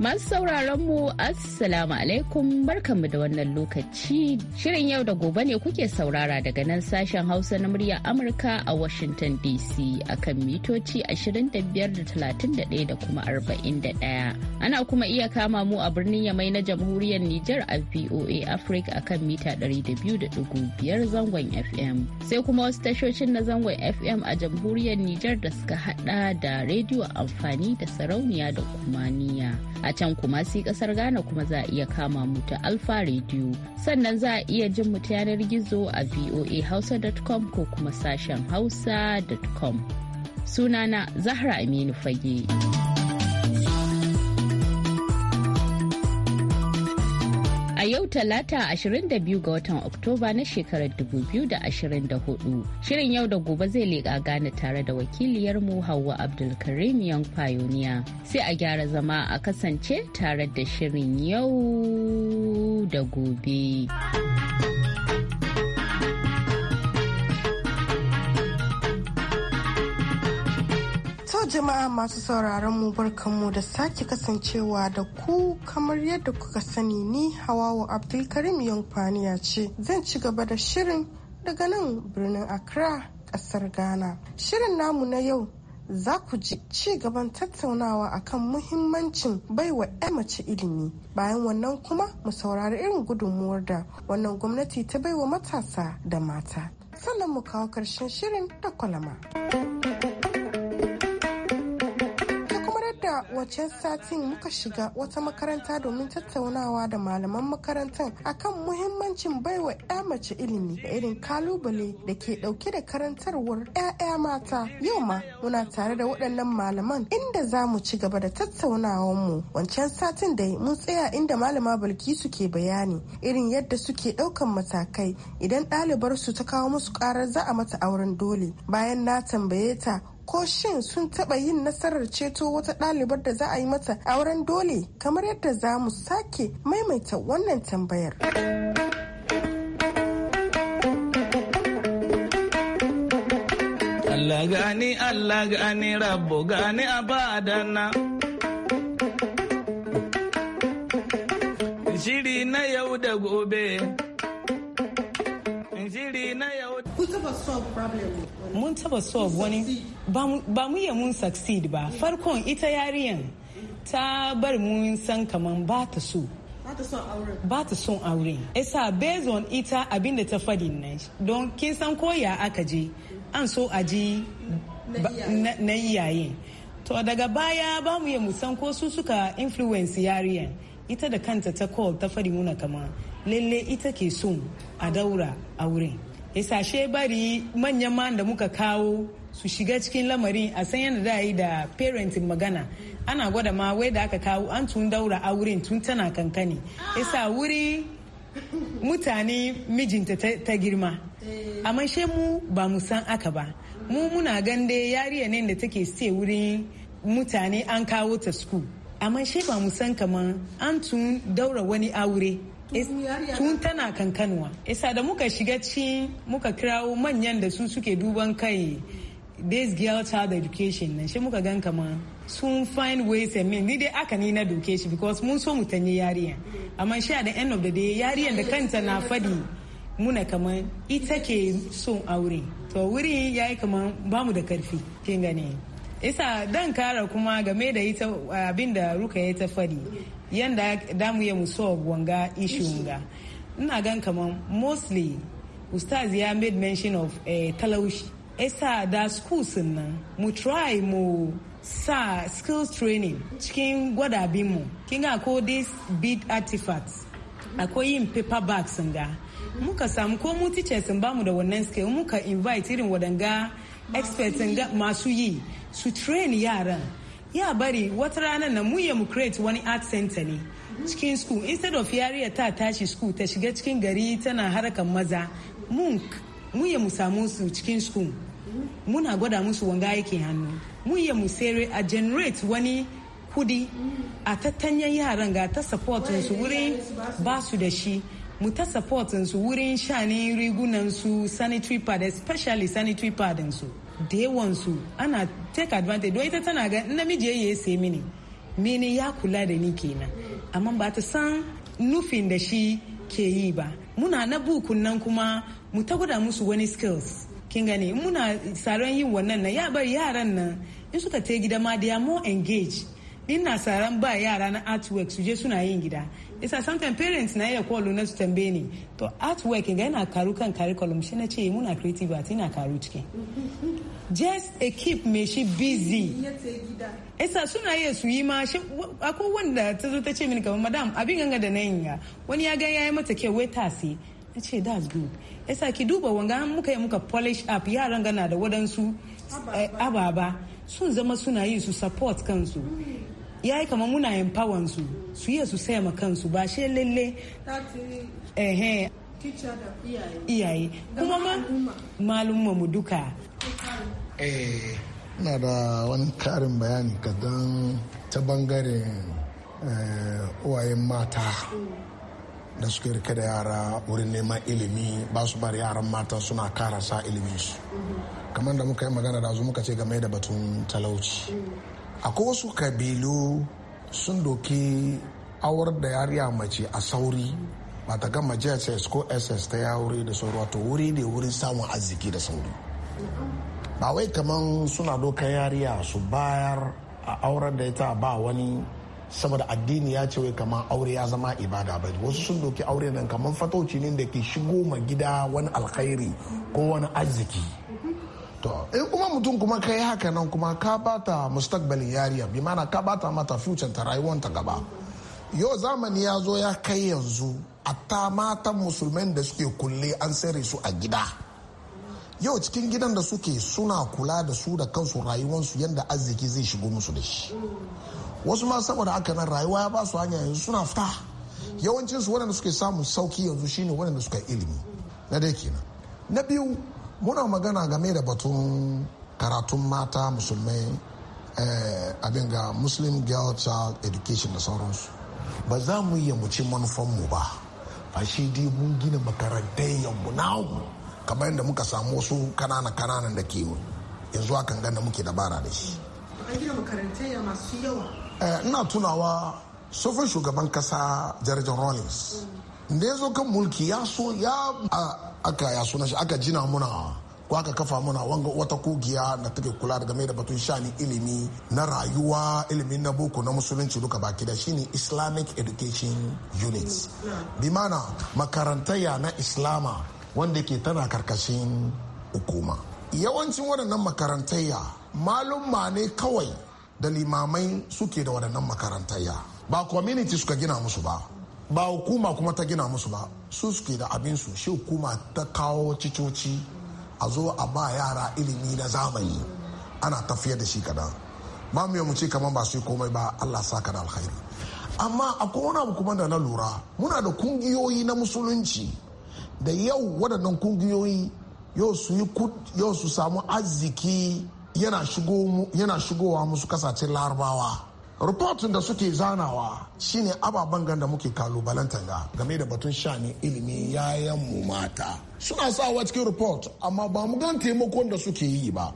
Masu sauraron mu Assalamu alaikum barkanmu da wannan lokaci. Shirin yau da gobe ne kuke saurara daga nan sashen Hausa na murya Amurka a Washington DC akan mitoci 25 da da kuma 41. Ana kuma iya kama mu a birnin Yamai na Jamhuriyar Nijar a VOA Africa akan mita 200.5 zangon FM. Sai kuma wasu tashoshin na zangon FM a Jamhuriyar Nijar da suka hada da rediyo amfani da sarauniya da kumaniya. niya. a can kuma si kasar ghana kuma za a iya kama mu ta alfa radio sannan za a iya jin mu ta yanar gizo a voahausa.com ko kuma sashen hausa.com sunana zahra aminu fage. a yau talata 22 ga watan Oktoba na shekarar 2024. Shirin yau da gobe zai leƙa gane tare da wakiliyar wakiliyarmu Hauwa Abdulkarim yan Pioneer. Sai a gyara zama a kasance tare da shirin yau da gobe. jama'a masu sauraron mu barkanmu da sake kasancewa da ku kamar yadda kuka sani ni wa abdulkarim yankwaniya ce zan ci gaba da shirin daga nan birnin accra kasar ghana shirin namu na yau za ku ji ci gaban tattaunawa akan muhimmancin baiwa 'ya mace ilimi bayan wannan kuma mu saurari irin gudunmuwar da wannan gwamnati ta baiwa matasa da mata sannan mu kawo karshen shirin da kwalama. a waccan satin muka shiga wata makaranta domin tattaunawa da malaman makarantar akan muhimmancin baiwa 'ya mace ilimi da irin kalubale da ke dauke da karantarwar 'ya'ya mata yau ma muna tare da waɗannan malaman inda za mu ci gaba da tattaunawanmu wancan satin dai mun tsaya inda malama bilkisu ke bayani irin yadda suke ɗaukan matakai idan ɗalibar su ta kawo musu ƙarar za a mata auren dole bayan na tambaye ta ko shin sun taɓa yin nasarar ceto wata ɗalibar da za a yi mata auren dole kamar yadda za mu sake maimaita wannan tambayar. Allah gani Allah gani rabu gani abadana. Shiri na yau da gobe. mun taba solve wani ba mu iya mun succeed ba farkon ita yariyan ta bar mun san kaman ba ta so ba ta son aure isa based on ita abinda ta fadi nan don kin san koya aka je an so a ji na iyaye to daga baya ba mu iya mu san ko su suka influence yariyan ita da kanta ta call ta fadi muna kama lalle ita ke son a daura auren yasa sashe bari manyan ma da muka kawo su shiga cikin lamarin a san yadda da yi da parenting magana ana gwada ma wai da aka kawo an tun daura auren tun tana kankani yasa wuri mutane mijinta ta girma eh. amma she mu ba mu san aka ba mu muna gande yariya ne da take stay wurin mutane an kawo ta school amma she ba mu san kaman an tun daura wani aure tun tana kankanwa isa da muka shiga ci muka kirawo manyan da su suke duban kai this girl child education nan shi muka gan kama sun find ways and means ni dai aka ni na doke shi because mun so mu tanyi yariyan amma shi at the end of the day yariyan da kanta na fadi muna kama ita ke son aure to wuri yayi kama bamu da karfi kin gane isa dan kara kuma game da ita abin ruka ya ta fadi yanda damu ya muso wanga issue nga ina gan kaman mostly ustaz ya made mention of eh, talaushi esa da sun nan mu try mu sa skills training cikin gwada mu kin ga ko this bead artifacts akwai yin paper bags ga muka samu ko mu teachers ba mu da wannan skill muka invite irin wadanga experts ga masu yi su train yaran ya bari wata ranar na mu ya mu create wani art center ne cikin school instead of yariya ta tashi school ta shiga cikin gari tana harakan maza mun mu ya mu samu su cikin school muna gwada musu wanga aikin hannu mu ya mu sere a generate wani kudi a tattanyen yaran ga ta supportin su wurin ba su da shi mu ta supportin su wurin shanin rigunan su sanitary pad especially sanitary pad da yawansu ana take advantage don ita tana ga namiji ya yi sai mini mini ya kula da ni kenan amma ba ta san nufin da shi ke yi ba muna na bukun nan kuma mu ta gwada musu wani skills kin gani muna saron yin wannan na ya bar yaran nan in suka ta gida ma they are more engaged na saran ba yara na artwork su je suna yin gida isa sometimes parents na iya kwallo na su tambaye ni to artwork ga yana karu kan curriculum shi na ce muna creative art ina karu cikin just a keep me shi busy isa suna iya su yi ma akwai wanda ta zo ta ce mini kamar madam abin ganga da na yin ya wani ya ga yayi mata kyau wai tasi na ce that's good isa ki duba wanga muka yi muka polish up yaran gana da waɗansu eh, ababa sun zama suna yi su support kansu ya yi kamar muna empower su su iya su saya ma kansu ba shi lalle ehe iyaye kuma ma malumma mu duka eh na da wani karin bayani kadan ta bangaren eh, uwayen mata da suke rike da yara wurin neman ilimi ba su bari yaran mata suna karasa su kamar da muka yi magana da muka ce game da batun talauci akwai wasu kabilu sun doki awar da yariya mace a sauri ba ta gama jss ko ss ta ya wuri da sauri wato wuri ne wurin samun arziki da sauri ba wai kaman suna doka yariya su bayar a auren da ita ba wani saboda addini ya ce wai kaman aure ya zama ibada ba wasu sun doki aure nan kaman fatoci ne da ke shigo ma gida wani alkhairi ko wani arziki to in eh, kuma mutum kuma ka yi haka nan kuma ka bata mustakbalin yariya bi mana ka bata mata fucin ta rayuwar ta gaba yau zamani ya zo ya kai yanzu a ta matan musulmai da suke kulle an sare su a gida yau cikin gidan da suke suna kula da su da kansu rayuwarsu yadda arziki zai shigo musu da shi wasu ma saboda haka nan rayuwa ya ba su hanya yanzu suna fita yawancinsu waɗanda suke samun sauki yanzu shine waɗanda suka ilimi na dai kenan na biyu muna magana game da batun karatun mata musulmai eh, abin ga muslim girl child education da sauransu ba za mu iya mu ci manufanmu ba ba shi dai mun gina makarantar yammu namu kamar yadda muka samu wasu kanana kananan da ke yanzu akan ganda muke dabara da shi eh, ina tunawa sufin shugaban kasa jarjan rollins mm. da ya zo kan mulki ya so ya aka ya suna shi aka jina muna ko aka kafa muna wanga wata kogiya da take kula da game da batun shani ilimi na rayuwa ilimi na boko na musulunci duka baki da shine islamic education unit bi mana makarantaya na islama wanda ke tana karkashin hukuma yawancin waɗannan makarantaya malumma ne kawai da limamai suke da waɗannan makarantaya ba community suka gina musu ba ba hukuma kuma ta gina musu ba su suke da abinsu shi hukuma ta kawo cicoci a zo a ba yara ilimi na zamani ana tafiyar da shi kadan ba mu kamar ba su yi komai ba allah sa ka da alkhairi amma akwai wani abu kuma da na lura muna da kungiyoyi na musulunci da yau waɗannan kungiyoyi yau su yau su samu arziki yana shigowa musu kasashen larabawa rupotin da suke zanawa shine ababen ganda muke kalubalantar ga game da batun shani ilimi yayan mu mata suna sawa cikin report amma ba mu gan taimakon da suke yi ba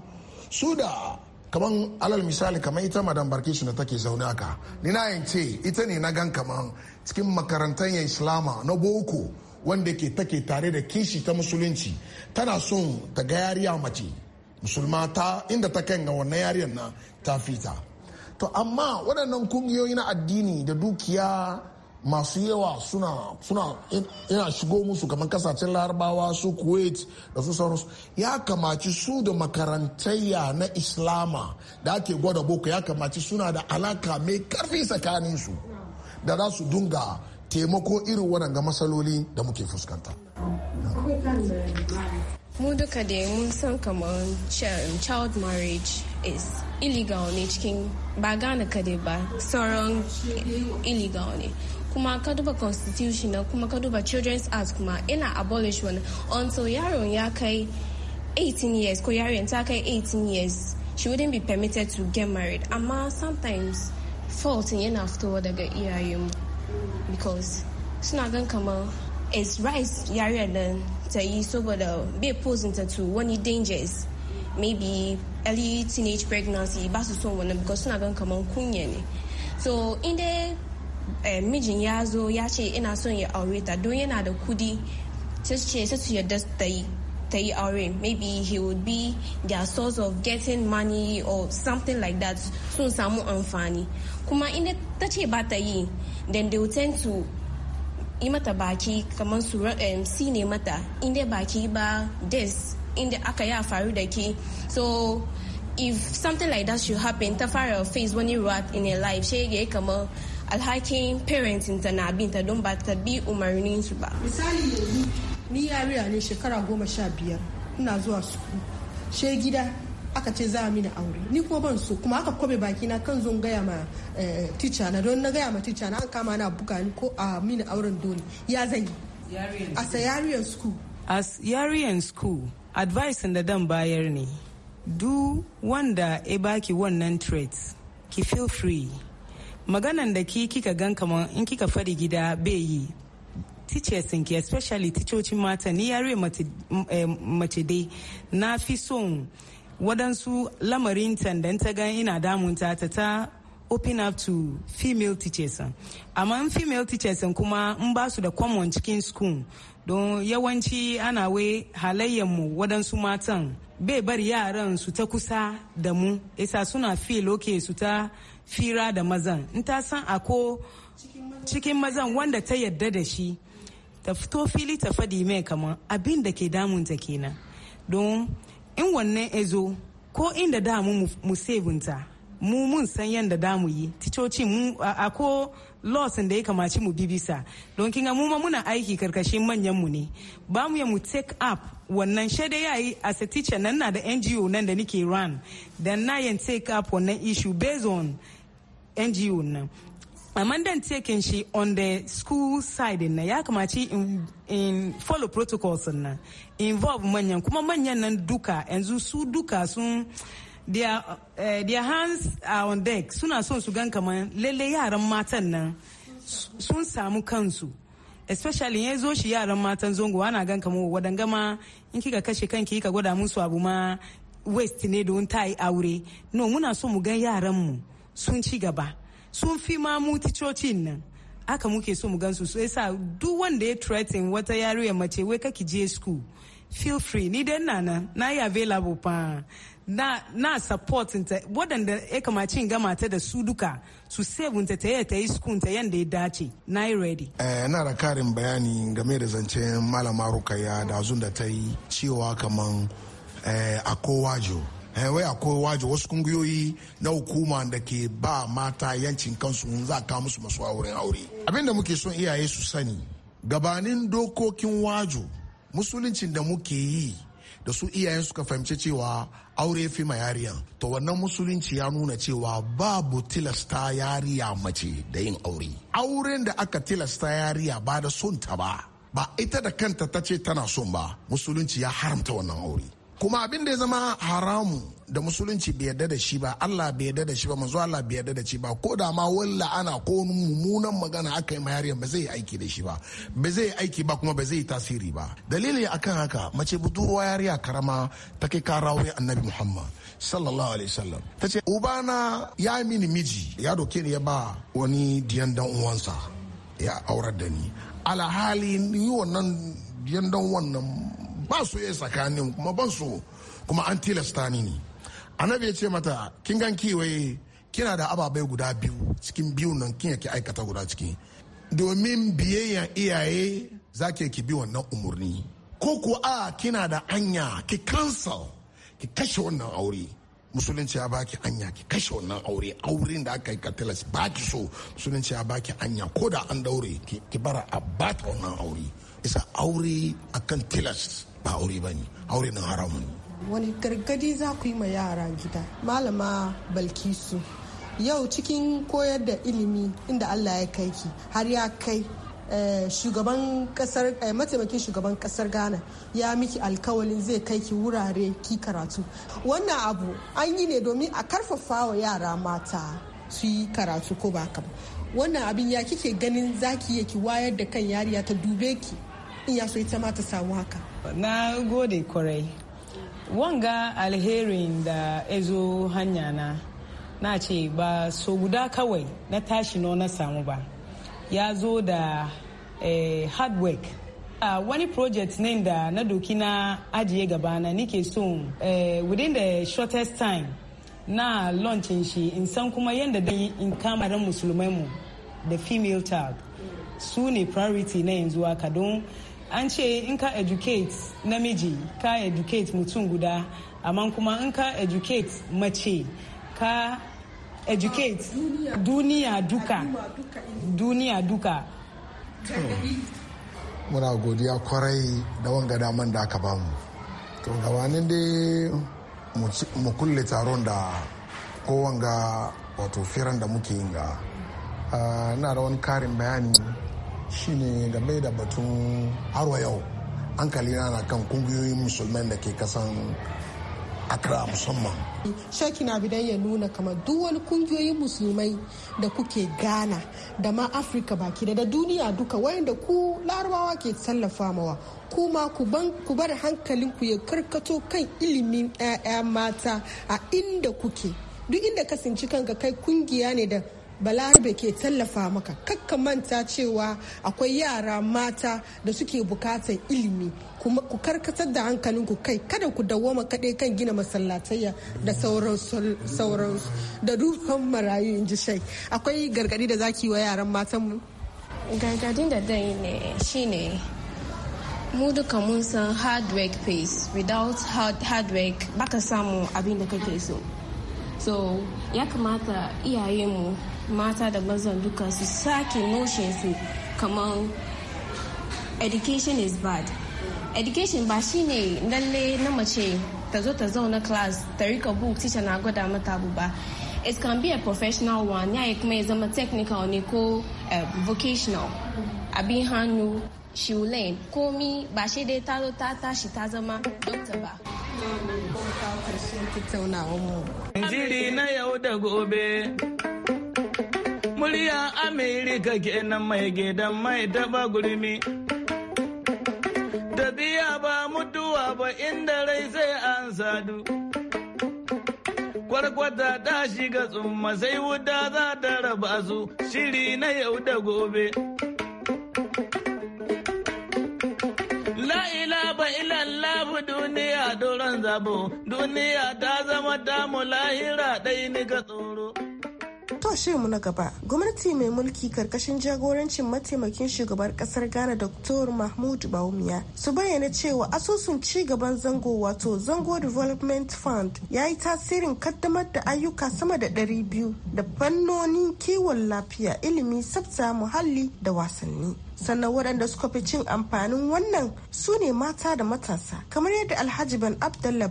su da kaman alal misali kamar ita madam barkisu da take zaune ka ni na yance ita ne na gan kaman cikin makarantar ya islama na boko wanda ke take tare da kishi ta musulunci tana son ta ga yariya mace musulma ta inda ta kan ga wannan yariyar na ta fita to amma waɗannan kungiyoyi na addini da dukiya masu yawa suna suna yana shigo musu kamar kasashen larabawa su kuwait da su sauransu ya kamaci su da makarantayya na islama da ake gwada boko ya kamaci suna da alaka mai karfi tsakanin su da za su dunga taimako irin waɗanga matsaloli da muke fuskanta mu duka da mun san kamar child marriage is illegal ne cikin ba gane kadai ba sauran illegal ne kuma ka duba constitution na kuma ka duba children's act kuma ina abolish wani until yaron ya kai 18 years ko yaron ta kai 18 years she wouldn't be permitted to get married amma sometimes fault yana fitowa daga iyayen mu because suna gan kamar it's right yariya da ta yi saboda bai posinta to wani dangers maybe early teenage pregnancy ba su son wannan because suna gan kamar kunya ne so in dai eh, mijin ya zo ya ce ina son ya aure ta don yana da kudi ta ce sai su yarda ta yi ta yi aure maybe he would be their source of getting money or something like that sun samu amfani kuma in ta ce ba ta yi then they will tend to yi mata baki kamar su si ne mata in dai baki ba this inda aka ya faru da ke so if something like that should happen ta fara face wani rat in a life she ga kamar alhakin parents ta na ta don ba ta bi umarnin su ba misali yanzu ni yariya ne shekara goma sha biyar ina zuwa su she gida aka ce za a mini aure ni kuma ban so kuma aka kwabe baki na kan zon gaya ma eh, tica na don na gaya ma tica na an kama na buga ni ko a mini auren dole ya zan yi as a yariyan school as yarian school advice da dan bayar ne du wanda ya baki wannan traits ki feel free maganan da ki kika gan kamar in kika fadi gida bai yi teachers ki especially ticocin mata ni yare eh, mace dai na fi son wadansu lamarin tandan ta gan ina damunta ta ta open up to female teachers amma in female teachers kuma in ba su da common cikin school don yawanci ana wai mu waɗansu matan bai bar yaran su ta kusa da mu isa suna fi loke su ta fira da mazan in ta san ako cikin mazan wanda ta yadda da shi ta fito fili ta fadi mai kama abin da ke damunta kenan don in wannan ezo ko inda damu mu sebunta mu mun san yadda damu yi ticoci mu a ko laws da ya kamaci mu bi bisa don kinga mu ma muna aiki karkashin manyan mu ne ba mu ya mu take up wannan shaida yi as a teacher nan na da NGO nan da nike run dan na yan take up wannan issue based on NGO nan amma dan taken shi on the school side na ya kamaci in, in follow protocols na involve manyan kuma manyan nan duka yanzu su duka sun Eh, their, hands are on deck suna son su gan kamar lalle yaran matan nan sun samu kansu especially ya zo shi yaran matan zongo ana gan kamar oh, wadangama ma in kika kashe kanki ka gwada musu abu ma west ne don ta yi aure no muna so mu gan yaran mu sun ci gaba sun fi ma muti cocin nan aka muke so mu gansu su yasa duk wanda ya threaten wata ya mace wai kaki je school feel free ni dai na na na yi available pa na na support ta waɗanda ya kamace in gama ta da su duka su save ta ta ta yi sukun ta yanda ya dace na yi ready. na da karin bayani game da zancen malama rukaya da azun da ta yi cewa kaman eh, a kowajo wai akwai waje wasu kungiyoyi na hukuma da ke ba mata yancin kansu in za ka musu masu auren aure abinda muke son iyaye su sani gabanin dokokin wajo musuluncin da muke yi da su iyayen suka fahimci cewa aure fi ma yariyan to wannan musulunci ya nuna cewa babu tilasta yariya mace da yin aure auren da aka tilasta yariya ba da son ta ba ba ita da kanta ta ce tana son ba musulunci ya haramta wannan aure kuma abin da ya zama haramu da musulunci bai yarda da shi ba Allah bai yarda da shi ba manzo Allah bai yarda da shi ba ko da ma walla ana ko mummunan magana aka yi ma ba zai aiki da shi ba ba zai aiki ba kuma ba zai tasiri ba dalili akan haka mace budurwa yariya karama ta kai karawai annabi Muhammad sallallahu alaihi wasallam ta ce ubana ya mini miji ya doke ni ya ba wani diyan dan uwansa ya aurar da ni alhali ni wannan diyan dan wannan ba su yi tsakanin kuma ban su kuma an tilasta ni ne annabi ya ce mata kin gan kiwaye kina da ababai guda biyu cikin biyu nan kin yake aikata guda ciki domin biyayyan iyaye za ki bi wannan umarni ko ku a kina da anya ki cancel ki kashe wannan aure musulunci ya baki anya ki kashe wannan aure auren da aka yi tilas ba ki so musulunci ya baki anya ko da an daure ki bara a bata wannan aure isa aure akan tilas ba aure ba ne aure nan haramun wani gargadi za ku yi ma yara gida malama balkisu yau cikin koyar da ilimi inda allah ya kai ki har ya kai eh, shugaban kasar eh, mataimakin shugaban kasar ghana ya miki alkawalin zai kai ki wurare ki karatu wannan abu an yi ne domin a karfafa wa yara mata su yi karatu ko ba wannan abin ya kike ganin zaki ki wayar da kan yariya ta dube ki iya so ita ma ta samu haka na gode kwarai wanga alherin da ezo hanya na na ce ba so guda kawai na tashi no na samu ba ya zo da eh, hard work uh, wani project ne da na doki na ajiye gabana nike so eh, within the shortest time na launching shi in san kuma yadda da in kamarin musulmai mu the female tag su ne priority na yanzu haka don an ce in ka educate namiji ka educate mutum guda amma kuma in ka educate mace ka educate duniya duka duniya duka muna godiya kwarai da wanga daman da aka bamu to gabanin dai mu kulle taron da kowanga wato firan da muke yin ga ah, na da wani karin bayani shine game da batun harwa yau hankalina na kan kungiyoyin musulman da ke kasan Accra musamman. Shaki na bidan ya nuna kamar duk wani kungiyoyin musulmai da kuke Ghana da ma Afirka baki da duniya duka wayanda ku larabawa ke tallafa mawa kuma ku bar hankalin ku ya karkato kan ilimin 'ya'ya mata a inda kuke duk inda kasance kanka kai kungiya ne da balarabe ke tallafa maka kakka manta cewa akwai yara mata da suke bukatar ilimi kuma ku karkatar da hankalinku kai kada ku dawoma kaɗai kan gina masallatayya da sauransu da dukan marayu in ji shai akwai gargadi da zaki wa yaran matanmu gargadin da dai ne shine mu duka mun san hard work pays without hard, hard work baka samu abin da kake so so ya kamata iyayenmu mata da mazan duka su sake su kamar education is bad education ba shine lalle na mace ta zo ta zauna class ta rika book teacher na gwada mata abu ba it can be a professional one ya kuma ya zama technical ne ko eh, vocational abin hannu shiulen komi ba shi dai ta zo ta tashi ta zama doctor ba Jiri na yau da gobe murya amerika kenan mai gidan mai taba gurmi biya ba mutuwa ba inda rai sai an sadu kwarkwata ta shiga tsumma sai wuta za ta raba su shiri na yau da gobe ba ilallahu duniya doron zabo duniya ta zama damu lahira ɗai ni ka tsoro To mu na gaba, gwamnati mai mulki karkashin jagorancin mataimakin shugaban kasar Ghana Dr. Mahmud baumiya su bayyana cewa asusun ci gaban zango wato Zango Development Fund ya yi tasirin kaddamar da ayyuka sama da 200 da fannonin kiwon lafiya, ilimi, tsafta, muhalli da wasanni. sannan waɗanda suka fi cin amfanin wannan su ne mata da matasa kamar yadda alhaji ban abdallah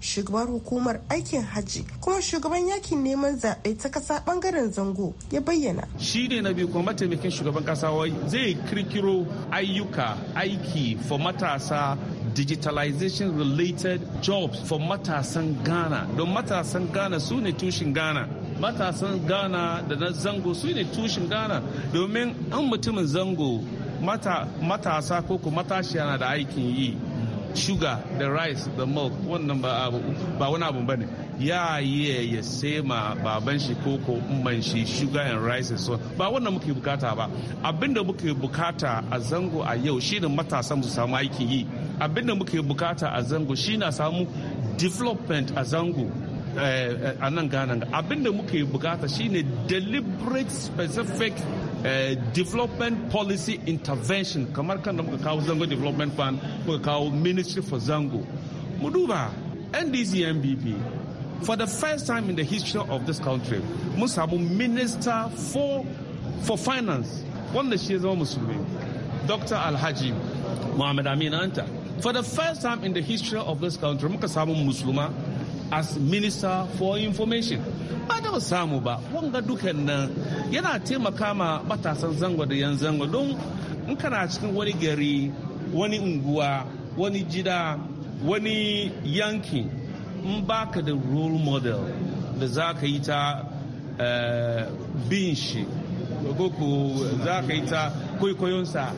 shugaban hukumar aikin hajji kuma shugaban yakin neman zaɓe ta ƙasa ɓangaren zango ya bayyana. Shi ne na biyu kuma mataimakin shugaban ƙasa zai kirkiro ayyuka aiki for matasa digitalization related jobs for matasan Ghana don matasan Ghana su ne tushen Ghana. matasan ghana da na zango su ne tushen ghana domin an mutumin zango matasa ko ku matashiya na da aikin yi sugar da rice da milk wannan ba wani abu ba ne ya yi ya sai ma baban shi ko ko umman shi sugar and rice so ba wannan muke bukata ba abinda muke bukata a zango a yau shine matasa su samu aikin yi abinda muke bukata a zango shine samu development a zango Eh, a nan ghana abinda muke bukata shine deliberate specific eh, development policy intervention kamar kan da muka kawo zango development fund muka kawo ministry for zango mu duba ndc mpp for the first time in the history of this country mun samu minister for for finance wanda shi zama musulmi dr alhaji muhammad amin anta for the first time in the history of this country muka samu musulma as minister for information ba da samu ba wanga dukan nan yana taimaka ma matasan zango da yan zango don in kana cikin wani gari wani unguwa wani jida wani yanki in baka da role model da za ka yi ta eh, bin shi ko za ka yi ta kwaikwayonsa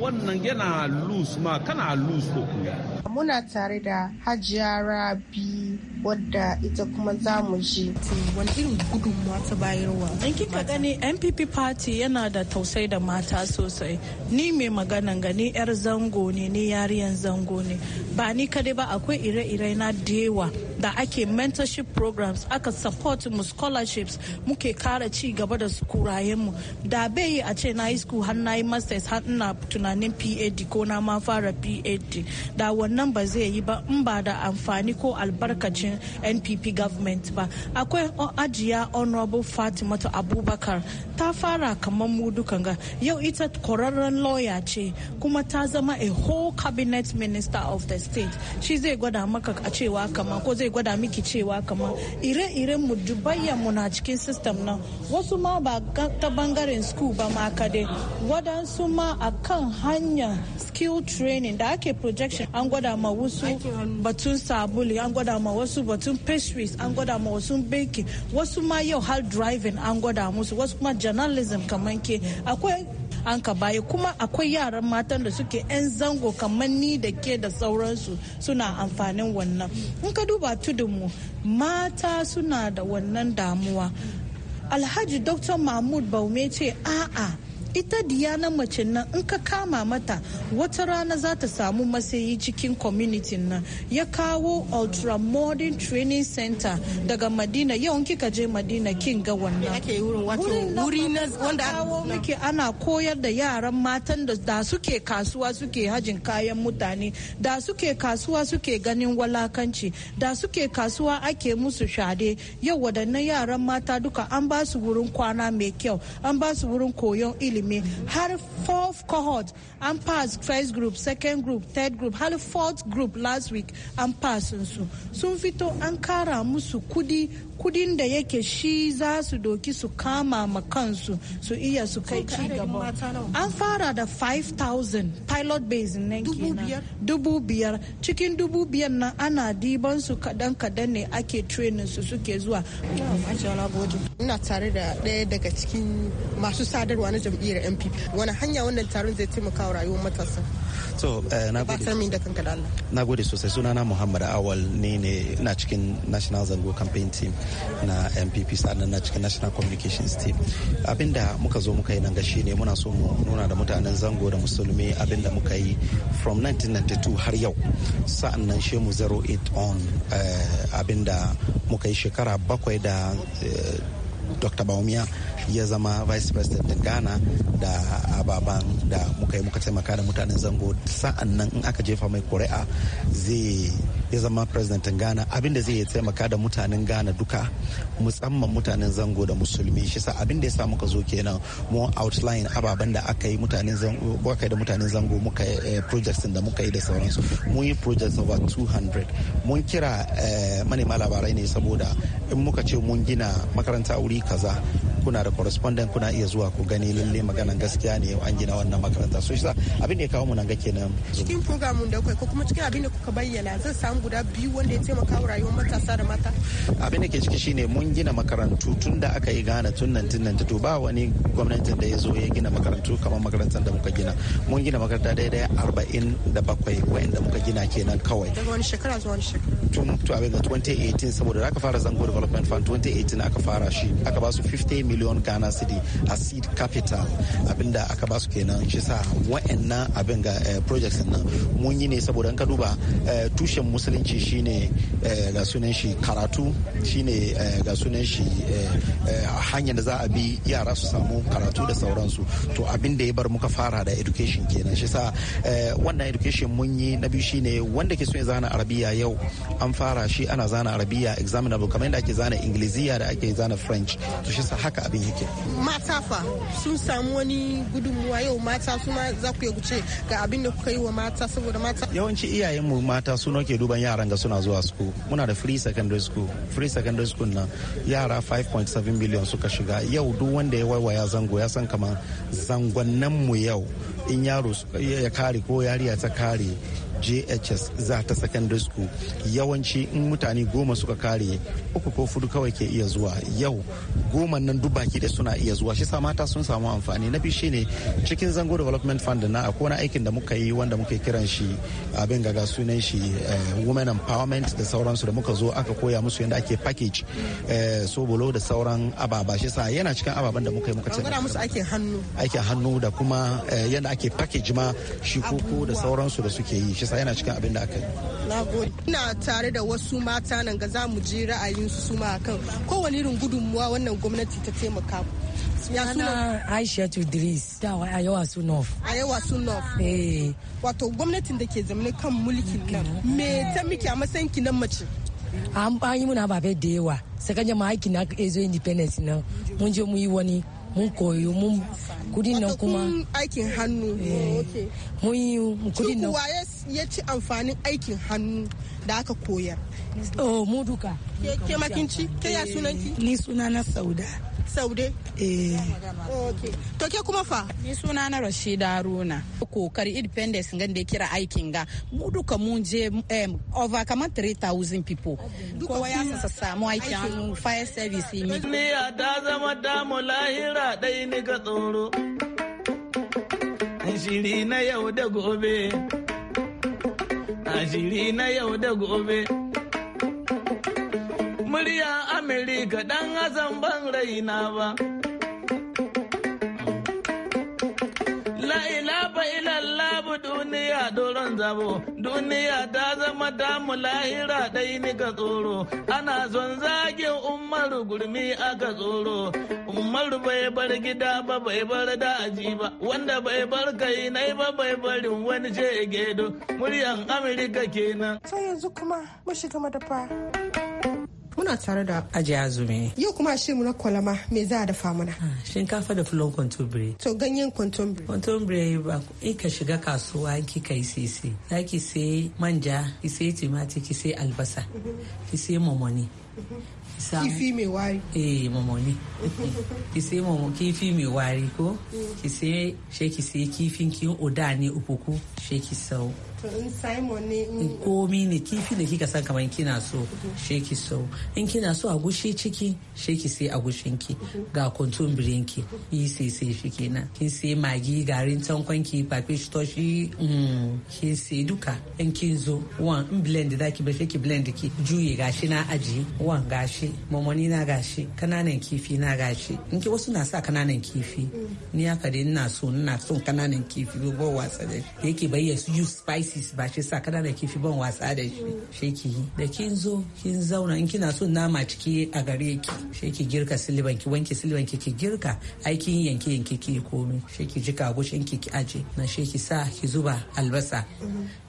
wannan yana loose ma kana loose ko kunga. muna tare da hajiya rabi wadda ita kuma za mu ji. Wani irin gudunmawa ta bayarwa? In kika gani NPP party yana da tausai da mata sosai. Ni mai maganan gani yar zango ne ni yariyan zango ne. Ba ni kadai ba akwai ire-ire na dewa da ake mentorship programs aka support mu scholarships muke kara ci gaba da su kurayen mu da bai a ce na yi school har na yi masters har ina tunanin PAD ko na ma fara PAD. da wannan ba zai yi ba in ba da amfani ko albarkacin cikin npp government ba akwai ajiya honorable fatimatu abubakar ta fara kamar mu dukan ga yau ita kwararren lawyer ce kuma ta zama a whole cabinet minister of the state shi zai gwada maka a cewa kama ko zai gwada miki cewa kama ire ire mu dubayya mu na cikin system na wasu ma ba ta bangaren school ba ma ka dai wadansu ma a kan hanyar skill training da ake projection an gwada ma wasu batun sabuli an gwada ma wasu wasu batun pastries an gwada ma wasu baking wasu ma yau har driving an gwada musu wasu kuma journalism kamar ke akwai an ka baya kuma akwai yaran matan da suke 'yan zango kamar ni da ke da sauransu suna amfanin wannan in ka duba tudunmu mata suna da wannan damuwa alhaji dr mahmud baume ce a'a ita diya na mace nan in ka kama mata wata rana za ta samu masayi cikin community nan ya kawo ultra modern training center daga madina yau kika je madina kin ga wannan wuri na wanda kawo muke ana koyar da yaran matan da suke kasuwa suke hajin kayan mutane da suke kasuwa suke ganin walakanci da suke kasuwa ake musu shade yau wadannan yaran mata duka an ba su wurin kwana mai kyau an ba su wurin koyon ilimi Had a fourth cohort an passed first group second group third group a fourth group last week an passed su Soon, fito Ankara kara musu kudi kudin da yake shi za su doki su kama ma kansu su iya su kai ci gaba an fara da 5000 pilot base nan dubu biyar cikin dubu biyar nan ana diban su kadan kadan ne ake training su suke zuwa ina tare da ɗaya daga cikin masu sadarwa na jam'iyyar mpp wani hanya wannan taron zai taimaka wa rayuwar matasa so eh, na gode sosai sunana muhammad awal ne ne na cikin national zango campaign team na npp sannan na cikin national communications team abinda muka zo muka yi nan gashi ne muna so mu nuna da mutanen zango da musulmi abinda muka yi from 1992 har yau sa'an nan shi mu 08 on uh, eh, abinda muka yi shekara bakwai da uh, eh, dr baumia ya zama vice president ghana da ababan da muka yi muka taimaka da mutanen zango sa'an nan in aka jefa mai kuri'a zai ya zama presidentin ghana abin da zai taimaka da mutanen ghana duka musamman mutanen zango da musulmi shi sa abin da ya sa muka zo kenan mu outline ababen da aka yi mutanen zango muka da mutanen zango muka eh, projects da muka yi da sauransu mun yi projects over 200 mun kira eh, manema labarai ne saboda in muka ce mun gina makaranta wuri kaza kuna da correspondent kuna iya zuwa ku gani lalle maganan gaskiya ne an gina wannan makaranta so shi abin da ya kawo mu nan ga kenan cikin programun da kai ko kuma cikin abin da kuka bayyana zan samu guda biyu wanda ya taimaka wa rayuwar matasa da mata abin da ke ciki shine mun gina makarantu tun da aka yi gane tun nan tun nan to ba wani gwamnatin da ya zo ya gina makarantu kamar makarantar da muka gina mun gina makaranta daidai arba'in da bakwai wa'inda muka gina kenan kawai daga wani shekara zuwa wani shekara tun to abin da 2018 saboda aka fara zango development fund 2018 aka fara shi aka ba su 50 million ghana city a seed capital abinda aka basu kenan shi sa wa'annan abin ga eh, projects nan mun yi ne saboda ka duba eh, tushen musulunci shine eh, ga sunan shi karatu shine ga sunan shi hanyar da za a bi yara su samu karatu da sauransu to abin da ya bar muka fara da education kenan shi sa wannan education mun yi na biyu shine wanda ke so ya zana arabiya yau an fara shi ana zana arabiya examinable kamar yadda ake zana ingiliziya da ake zana french to shi sa haka haka abin yake mata fa sun samu wani gudunmuwa yau mata su ma za ku yaguce ga abin da kuka yi wa mata saboda mata yawanci iyayen mu mata su nake duban yaran ga suna zuwa school muna da free secondary school free secondary school na yara 5.7 million suka shiga yau duk wanda ya waiwaya zango ya san kamar zangonnan mu yau in yaro ya kare ko yariya ta kare jhs za ta secondary school yawanci in mutane goma suka kare uku ko fudu kawai ke iya zuwa yau goma nan dubaki da suna iya zuwa shi mata sun samu amfani na biyu shine cikin zango development fund na akwai wani aikin da muka yi wanda muka kiran shi abin gaga sunan shi eh, women empowerment da sauransu da muka zo aka koya musu yadda ake package eh, sobolo da sauran ababa shi sa yana cikin ababen da muka yi muka ce musu aikin hannu aikin hannu da kuma eh, yadda ake package ma shi koko da sauransu da suke yi shi sa yana cikin abin da aka yi ina tare da wasu mata nan ga za mu ji ra'ayinsu su ma kan kowane irin gudunmuwa wannan gwamnati ta taimaka sunana aisha idris da a yawa su nof a yawa su nof eh. wato gwamnatin da ke zamanin kan mulkin nan me ta miki a matsayin ki nan mace an yi muna babe da yawa sakanya ma aiki na ezo eh, independence nan mun je mu yi wani mun koyo mun kudin nan kuma aikin hannu eh, oh, mun yi kudin nan ya ci amfanin aikin hannu da aka koyar oh mu duka ke makinci ke ya sunanki ni sunana sauda saude eh okay to ke kuma fa ni suna na rashida haruna kokari independence ngan da kira aikin ga mu duka mun je over kama 3000 people kowa ya sasa samu aikin fire service ne ni ta zama mu lahira dai ni ga tsoro shiri na yau da gobe a na yau da gobe murya Amerika dan azan ban raina ba. La ilaha duniya doron zabo duniya ta zama damu lahira ɗai ni ga tsoro ana son zagin umar gurmi aka tsoro umar bai bar gida ba bai bar daji ba wanda bai bar kai nai ba bai barin wani ce gedo muryan amurka kenan sai yanzu kuma mu shiga madafa. Muna tare da ajiye azumi yau kuma shi mu na kwalama me za a dafa mana ah, shinkafa da fulon kontombre to ganyen kontombre ba in ka shiga kasuwa in kika yi sisi za ki sai manja ki sai timati ki sai albasa mhm. ki sai momoni kifi mai wari eh mamoni ki sai mamo kifi mai wari ko ki sai she ki sai kifin ki oda ne uku she ki sau to in simon ne in komi ne kifi da kika san kamar kina so she ki sau in kina so a gushi ciki she ki sai a gushin ki ga birin ki yi sai sai shi kenan ki sai magi garin tankon ki to toshi ki sai duka in kin zo wan in blend da ki ba she ki blend ki juye gashi na aji ruwan gashi momoni na gashi kananan kifi na gashi in ki wasu na sa kananan kifi ni aka dai ina so ina son kananan kifi ban wasa da shi yake bayyana su use spices ba shi sa kananan kifi ban wasa da shi shi ki da kin zo kin zauna in kina so nama ciki a gare ki shi girka silban ki wanke silban ki ki girka aikin yanke yanke ki komi shi jika gushin ki ki aje na shi sa ki zuba albasa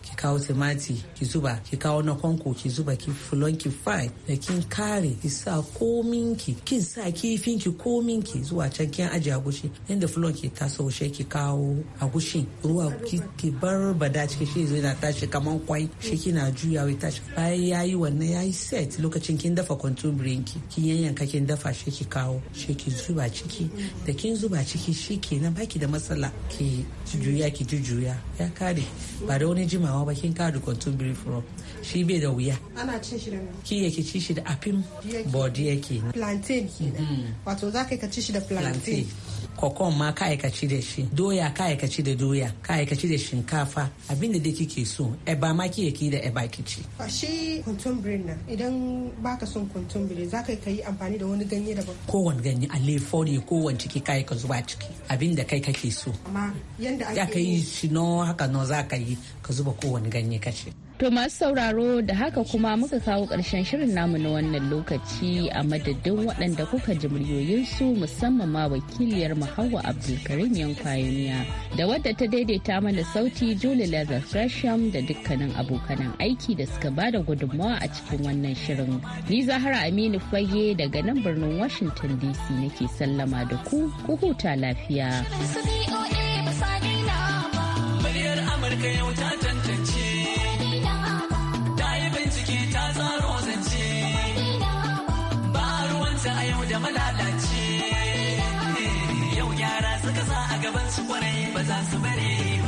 ki kawo tumati ki zuba ki kawo na kwanko ki zuba ki fulon ki fry da kin kare ki sa komin ki kin sa kifin ki komin ki zuwa can kin aje agushi inda fulon ki taso shi ki kawo agushi ruwa ki ki bar bada cikin shi zai na tashi kaman kwai shi kina juyawa tashi bayan yayi wannan yayi set lokacin kin dafa contumerin ki kin yanyanka kin dafa shi ki kawo shi ki zuba ciki da kin zuba ciki shi kenan baki da matsala ki juya ki ji juya ya kare ba da wani jimawa ba kin kare kwantun furo shi bai da wuya ana cin shi da ki yake ci shi da afin body yake plantain kenan mm-hmm. wato zaka ka ci shi da plantain kokon ma ka aikaci da shi doya ka aikaci da doya ka aikaci da shinkafa abinda da kike so ba ma ki yake da ki kici a shi kuntumbirin na, idan baka son kuntumbiri za ka yi amfani da wani ganye daban wani ganye a lefori kowane ciki ka ka zuba ciki abinda kai kake so amma yanda ake yi shi no haka no za ka yi ka zuba wani ganye kace To masu sauraro da haka kuma muka kawo ƙarshen shirin namu na wannan lokaci a madadin waɗanda kuka ji muryoyinsu musamman ma wakiliyar mu Hauwa Abdul Abdulkarim Yankwayaniya da wadda ta daidaita mana sauti Julie Leather Gresham da dukkanin abokanan aiki da suka bada gudunmawa a cikin wannan shirin. Ni Zahara Aminu Fage daga nan birnin Washington DC nake sallama da ku, ku huta lafiya. malalaci. gaban su kwarai ba